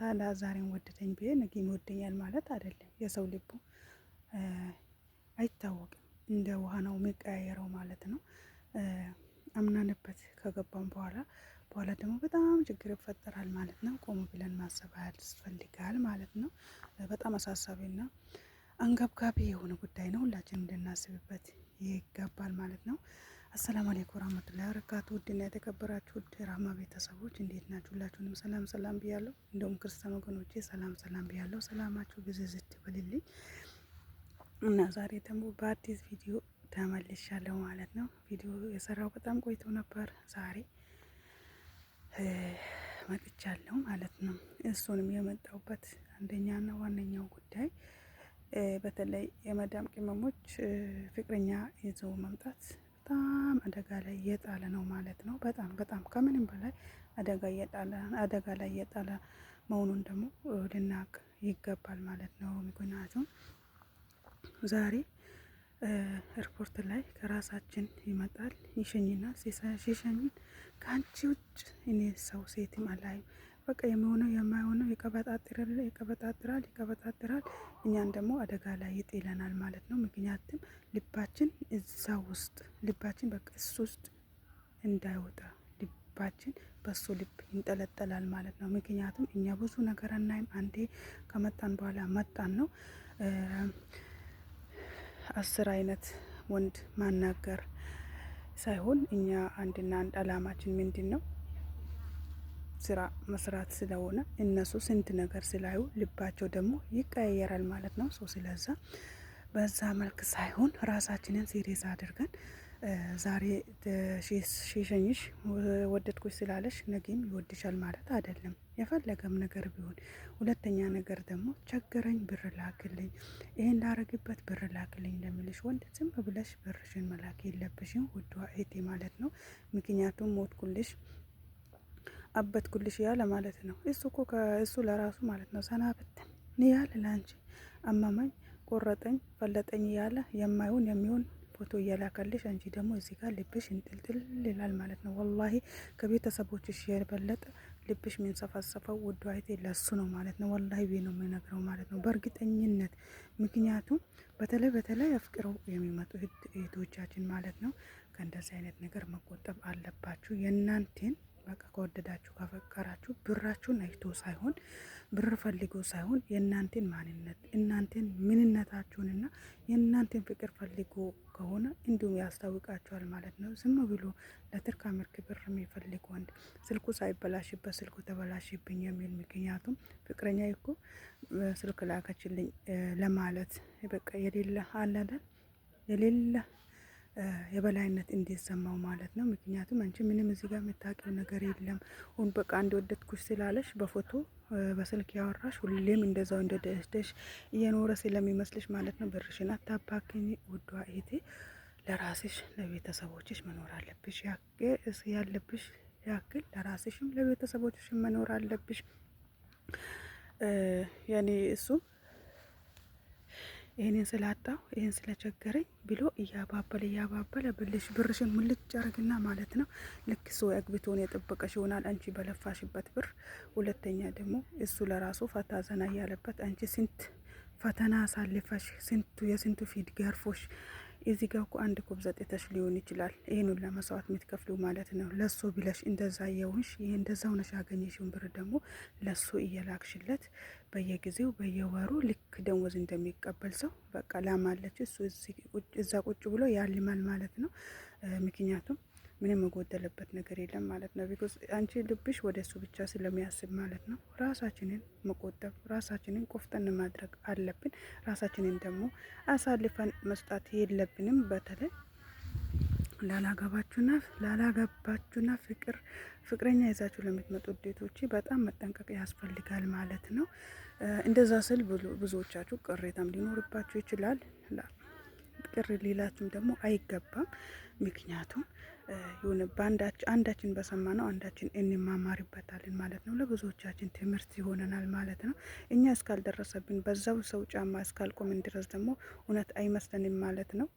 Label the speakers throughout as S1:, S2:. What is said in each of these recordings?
S1: ታላ ዛሬን ወደደኝ ብዬ ነገ ይወደኛል ማለት አይደለም። የሰው ልቡ አይታወቅም፣ እንደ ውሃ ነው የሚቀያየረው ማለት ነው። አምናንበት ከገባም በኋላ በኋላ ደግሞ በጣም ችግር ይፈጠራል ማለት ነው። ቆሙ ብለን ማሰብ ያስፈልጋል ማለት ነው። በጣም አሳሳቢና አንገብጋቢ የሆነ ጉዳይ ነው። ሁላችን እንድናስብበት ይገባል ማለት ነው። አሰላም አለይኩም ወራህመቱላሂ ወበረካቱ። ውድና የተከበራችሁ ውድ ቤተሰቦች እንዴት ናችሁ? ሁላችሁንም ሰላም ሰላም ብያለሁ። እንደውም ክርስቲያን ወገኖቼ ሰላም ሰላም ብያለሁ። ሰላማችሁ ብዝዝት ይበልልኝ እና ዛሬ ደግሞ በአዲስ ቪዲዮ ተመልሻለሁ ማለት ነው። ቪዲዮ የሰራው በጣም ቆይቶ ነበር። ዛሬ መጥቻለሁ ማለት ነው። እሱንም የመጣሁበት አንደኛና ዋነኛው ጉዳይ በተለይ የመዳም ቅመሞች ፍቅረኛ ይዘው መምጣት በጣም አደጋ ላይ እየጣለ ነው ማለት ነው። በጣም በጣም ከምንም በላይ አደጋ እየጣለ አደጋ ላይ እየጣለ መሆኑን ደግሞ ልናቅ ይገባል ማለት ነው። ምክንያቱም ዛሬ ኤርፖርት ላይ ከራሳችን ይመጣል ይሸኝና ሲሸኝን ከአንቺ ውጭ እኔ ሰው ሴትም አላይም በቃ የሚሆነው የማይሆነው ይቀበጣጥራል ይቀበጣጥራል ይቀበጣጥራል እኛን ደግሞ አደጋ ላይ ይጥለናል ማለት ነው። ምክንያቱም ልባችን እዛ ውስጥ ልባችን በቃ እሱ ውስጥ እንዳይወጣ ልባችን በሱ ልብ ይንጠለጠላል ማለት ነው። ምክንያቱም እኛ ብዙ ነገር አናይም። አንዴ ከመጣን በኋላ መጣን ነው አስር አይነት ወንድ ማናገር ሳይሆን እኛ አንድና አንድ አላማችን ምንድን ነው ስራ መስራት ስለሆነ እነሱ ስንት ነገር ስላዩ ልባቸው ደግሞ ይቀያየራል ማለት ነው። ሰው ስለዛ በዛ መልክ ሳይሆን ራሳችንን ሲሪየስ አድርገን ዛሬ ሲሸኝሽ ወደድኩሽ ስላለሽ ነገም ይወድሻል ማለት አይደለም። የፈለገም ነገር ቢሆን ሁለተኛ ነገር ደግሞ ቸገረኝ፣ ብር ላክልኝ፣ ይሄን ላረግበት ብር ላክልኝ ለሚልሽ ወንድ ዝም ብለሽ ብርሽን መላክ የለብሽም ውድ እህቴ ማለት ነው። ምክንያቱም ሞትኩልሽ አበት ኩልሽ ያለ ማለት ነው። እሱ እኮ ከእሱ ለራሱ ማለት ነው ሰናብትን ያለ ለአንቺ አማማኝ ቆረጠኝ ፈለጠኝ ያለ የማይሆን የሚሆን ፎቶ እየላከልሽ አንቺ ደግሞ እዚህ ጋር ልብሽ እንጥልጥል ይላል ማለት ነው። ወላሂ ከቤተሰቦችሽ የበለጠ ልብሽ የሚንሰፈሰፈው ውድ አይቴ ለሱ ነው ማለት ነው። ወላሂ ቤ ነው የሚነግረው ማለት ነው በእርግጠኝነት ምክንያቱም በተለይ በተለይ አፍቅረው የሚመጡ እህቶቻችን ማለት ነው ከእንደዚህ አይነት ነገር መቆጠብ አለባችሁ የእናንቴን በቃ ከወደዳችሁ ካፈቀራችሁ ብራችሁን አይቶ ሳይሆን ብር ፈልጎ ሳይሆን የእናንተን ማንነት እናንተን ምንነታችሁንና የእናንተን ፍቅር ፈልጎ ከሆነ እንዲሁም ያስታውቃችኋል ማለት ነው። ዝም ብሎ ለትርካ ምርክ ብር የሚፈልግ ወንድ ስልኩ ሳይበላሽበት ስልኩ ተበላሽብኝ የሚል ምክንያቱም ፍቅረኛ ይኮ ስልክ ላከችልኝ ለማለት በቃ የሌለ አላደል የሌለ የበላይነት እንዲሰማው ማለት ነው። ምክንያቱም አንቺ ምንም እዚህ ጋር የምታውቂው ነገር የለም። ሁን በቃ እንደወደድኩሽ ስላለሽ በፎቶ በስልክ ያወራሽ ሁሌም እንደዛው እንደደስደሽ እየኖረ ስለሚመስልሽ ማለት ነው። ብርሽን አታባክኝ ውዷ እህቴ። ለራስሽ ለቤተሰቦችሽ መኖር አለብሽ ያለብሽ ያክል ለራስሽም ለቤተሰቦችሽም መኖር አለብሽ። ያኔ እሱም ይህንን ስላጣው ይህን ስለቸገረኝ ብሎ እያባበለ እያባበለ ብልሽ ብርሽን ሙልጭ አርግና ማለት ነው። ልክ ሰው አግብቶን የጠበቀሽ ይሆናል አንቺ በለፋሽበት ብር። ሁለተኛ ደግሞ እሱ ለራሱ ፈታ ዘና እያለበት አንቺ ስንት ፈተና አሳልፈሽ ስንቱ የስንቱ ፊት ገርፎሽ እዚህ ጋር እኮ አንድ ኮብ ዘጥተሽ ሊሆን ይችላል። ይህን ሁሉ መስዋዕት የምትከፍሉ ማለት ነው። ለሱ ብለሽ እንደዛ የሆንሽ ይህ እንደዛ ሆነሽ ያገኘሽውን ብር ደግሞ ለሱ እየላክሽለት በየጊዜው በየወሩ ልክ ደንወዝ እንደሚቀበል ሰው በቃ ላማለች እሱ እዛ ቁጭ ብሎ ያልማል ማለት ነው። ምክንያቱም ምንም መጎደለበት ነገር የለም ማለት ነው። ቢኮዝ አንቺ ልብሽ ወደ እሱ ብቻ ስለሚያስብ ማለት ነው። ራሳችንን መቆጠብ፣ ራሳችንን ቆፍጠን ማድረግ አለብን። ራሳችንን ደግሞ አሳልፈን መስጣት የለብንም በተለይ ላላገባችሁና ላላገባችሁና ፍቅር ፍቅረኛ ይዛችሁ ለምትመጡ ውዴቶች በጣም መጠንቀቅ ያስፈልጋል ማለት ነው። እንደዛ ስል ብዙዎቻችሁ ቅሬታም ሊኖርባችሁ ይችላል። ቅር ሌላችሁም ደግሞ አይገባም። ምክንያቱም በአንዳችን አንዳችን በሰማ ነው አንዳችን እንማማርበታለን ማለት ነው። ለብዙዎቻችን ትምህርት ይሆነናል ማለት ነው። እኛ እስካልደረሰብን በዛው ሰው ጫማ እስካልቆምን ድረስ ደግሞ እውነት አይመስለንም ማለት ነው።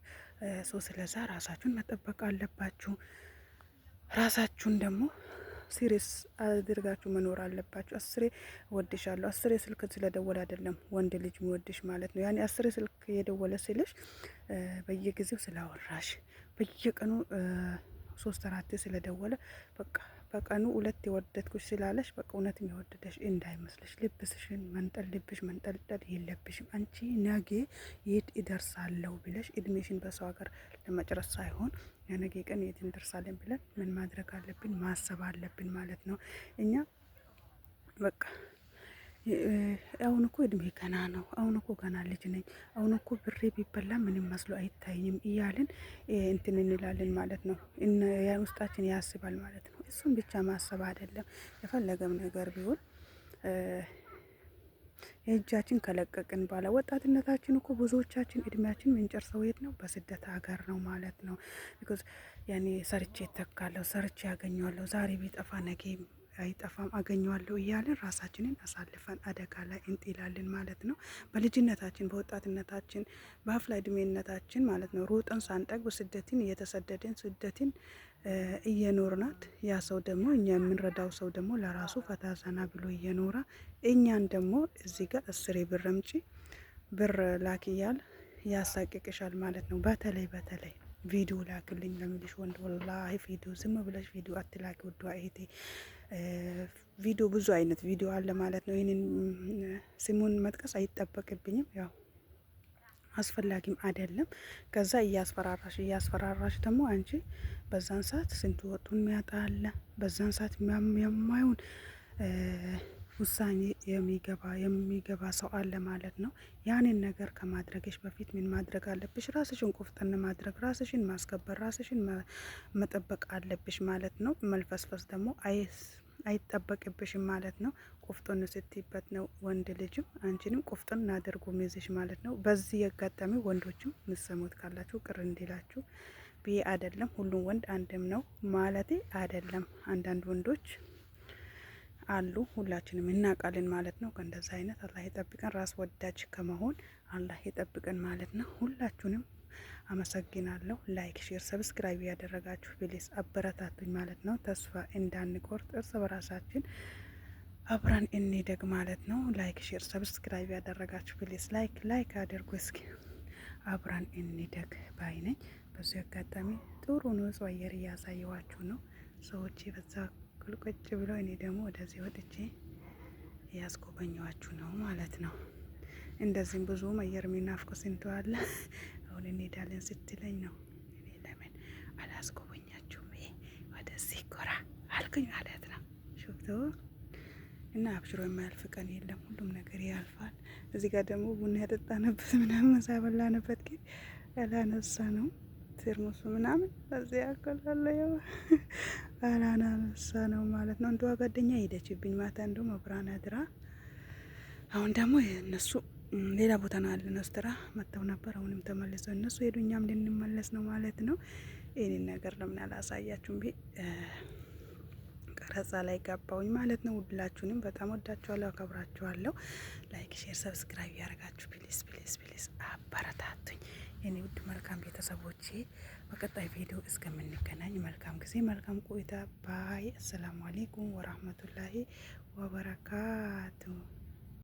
S1: ሶ ስለዛ ራሳችሁን መጠበቅ አለባችሁ። ራሳችሁን ደግሞ ሲሪስ አድርጋችሁ መኖር አለባችሁ። አስሬ ወድሻለሁ፣ አስሬ ስልክ ስለደወለ አይደለም ወንድ ልጅ የሚወድሽ ማለት ነው። ያኔ አስሬ ስልክ የደወለ ስልሽ በየጊዜው ስላወራሽ በየቀኑ ሶስት አራቴ ስለደወለ በቃ በቀኑ ሁለት የወደድኩሽ ስላለሽ በቃ እውነትም የወደደሽ እንዳይመስልሽ። ልብስሽን መንጠል ልብሽ መንጠልጠል የለብሽም። አንቺ ነገ የት እደርሳለሁ ብለሽ እድሜሽን በሰው ሀገር ለመጨረስ ሳይሆን የነገ ቀን የት እንደርሳለን ብለን ምን ማድረግ አለብን ማሰብ አለብን ማለት ነው እኛ በቃ አሁን እኮ እድሜ ገና ነው፣ አሁን እኮ ገና ልጅ ነኝ፣ አሁን እኮ ብሬ ቢበላ ምንም መስሎ አይታይም እያልን እንትን እንላለን ማለት ነው። ውስጣችን ያስባል ማለት ነው። እሱም ብቻ ማሰብ አይደለም፣ የፈለገም ነገር ቢሆን የእጃችን ከለቀቅን በኋላ ወጣትነታችን እኮ ብዙዎቻችን እድሜያችን የምንጨርሰው የት ነው? በስደት ሀገር ነው ማለት ነው። ቢኮዝ ያኔ ሰርቼ ይተካለሁ፣ ሰርቼ ያገኘዋለሁ፣ ዛሬ ቢጠፋ ነገ አይጠፋም አገኘዋለሁ እያልን ራሳችንን አሳልፈን አደጋ ላይ እንጥላለን ማለት ነው። በልጅነታችን በወጣትነታችን በአፍላ እድሜነታችን ማለት ነው ሩጠን ሳንጠግብ ስደትን እየተሰደድን ስደትን እየኖርናት ያ ሰው ደግሞ እኛ የምንረዳው ሰው ደግሞ ለራሱ ፈታ ዘና ብሎ እየኖረ እኛን ደግሞ እዚህ ጋር እስሬ ብር አምጪ ብር ላክ እያል ያሳቅቅሻል ማለት ነው። በተለይ በተለይ ቪዲዮ ላክልኝ ለሚልሽ ወንድ ወላሂ ቪዲዮ ዝም ብለሽ ቪዲዮ አትላኪ ውድ እህቴ ቪዲዮ ብዙ አይነት ቪዲዮ አለ ማለት ነው። ይህንን ስሙን መጥቀስ አይጠበቅብኝም ያው አስፈላጊም አይደለም። ከዛ እያስፈራራሽ እያስፈራራሽ ደግሞ አንቺ በዛን ሰዓት ስንት ወጡን የሚያጣ አለ። በዛን ሰዓት የማይሆን ውሳኔ የሚገባ የሚገባ ሰው አለ ማለት ነው። ያንን ነገር ከማድረግሽ በፊት ምን ማድረግ አለብሽ? ራስሽን ቁፍጥን ማድረግ፣ ራስሽን ማስከበር፣ ራስሽን መጠበቅ አለብሽ ማለት ነው። መልፈስፈስ ደግሞ አይስ አይጠበቅብሽም ማለት ነው። ቁፍጡን ስትይበት ነው ወንድ ልጅም አንቺንም ቁፍጡን አድርጎ ሚዝሽ ማለት ነው። በዚህ አጋጣሚ ወንዶችም ምሰሙት ካላችሁ ቅር እንዲላችሁ ብዬ አይደለም። ሁሉም ወንድ አንድም ነው ማለቴ አይደለም። አንዳንድ ወንዶች አሉ፣ ሁላችንም እናውቃለን ማለት ነው። ከእንደዛ አይነት አላህ የጠብቀን፣ ራስ ወዳጅ ከመሆን አላህ የጠብቀን ማለት ነው። ሁላችሁንም አመሰግናለሁ። ላይክ፣ ሼር፣ ሰብስክራይብ ያደረጋችሁ ፕሊስ አበረታቱኝ ማለት ነው። ተስፋ እንዳንቆርጥ እርስ በራሳችን አብረን እንደግ ማለት ነው። ላይክ፣ ሼር፣ ሰብስክራይብ ያደረጋችሁ ፕሊስ ላይክ ላይክ አድርጉ እስኪ አብረን እንደግ ባይነኝ። በዚህ አጋጣሚ ጥሩ ንጹህ አየር እያሳየዋችሁ ነው ሰዎች የበዛ በኩል ቁጭ ብሎ እኔ ደግሞ ወደዚህ ወጥቼ ያስጎበኘዋችሁ ነው ማለት ነው። እንደዚህም ብዙ አየር የሚናፍቁ ስንቱ አለ። አሁን እንሄዳለን ስትለኝ ነው እኔ ለምን አላስጎበኛችሁም ወደዚህ ጎራ አልኩኝ ማለት ነው። ሽብቶ እና አብሽሮ የማያልፍ ቀን የለም። ሁሉም ነገር ያልፋል። እዚህ ጋር ደግሞ ቡና ያጠጣንበት ምናምን ምሳ በላንበት ግን ያላነሳ ነው ትርሙሱ ምናምን በዚያ ያኮላለ ባላናሳ ነው ማለት ነው። እንደዋ ጓደኛ ሄደችብኝ ማታ እንደ መብራን አድራ። አሁን ደግሞ እነሱ ሌላ ቦታ ነው ያለ ነው ስትራ መጥተው ነበር። አሁንም ተመልሰው እነሱ ሄዱ፣ እኛም ልንመለስ ነው ማለት ነው። ይህንን ነገር ለምን አላሳያችሁም? ቀረጻ ላይ ገባውኝ ማለት ነው። ውድላችሁንም በጣም ወዳችኋለሁ፣ አከብራችኋለሁ። ላይክ፣ ሼር፣ ሰብስክራይብ ያደርጋችሁ ፕሊስ ፕሊስ ፕሊስ አበረታቱኝ የኔ ውድ መልካም ቤተሰቦቼ። በቀጣይ ቪዲዮ እስከምንገናኝ መልካም ጊዜ፣ መልካም ቆይታ። ባይ። አሰላሙ አሌይኩም ወራህመቱላሂ ወበረካቱ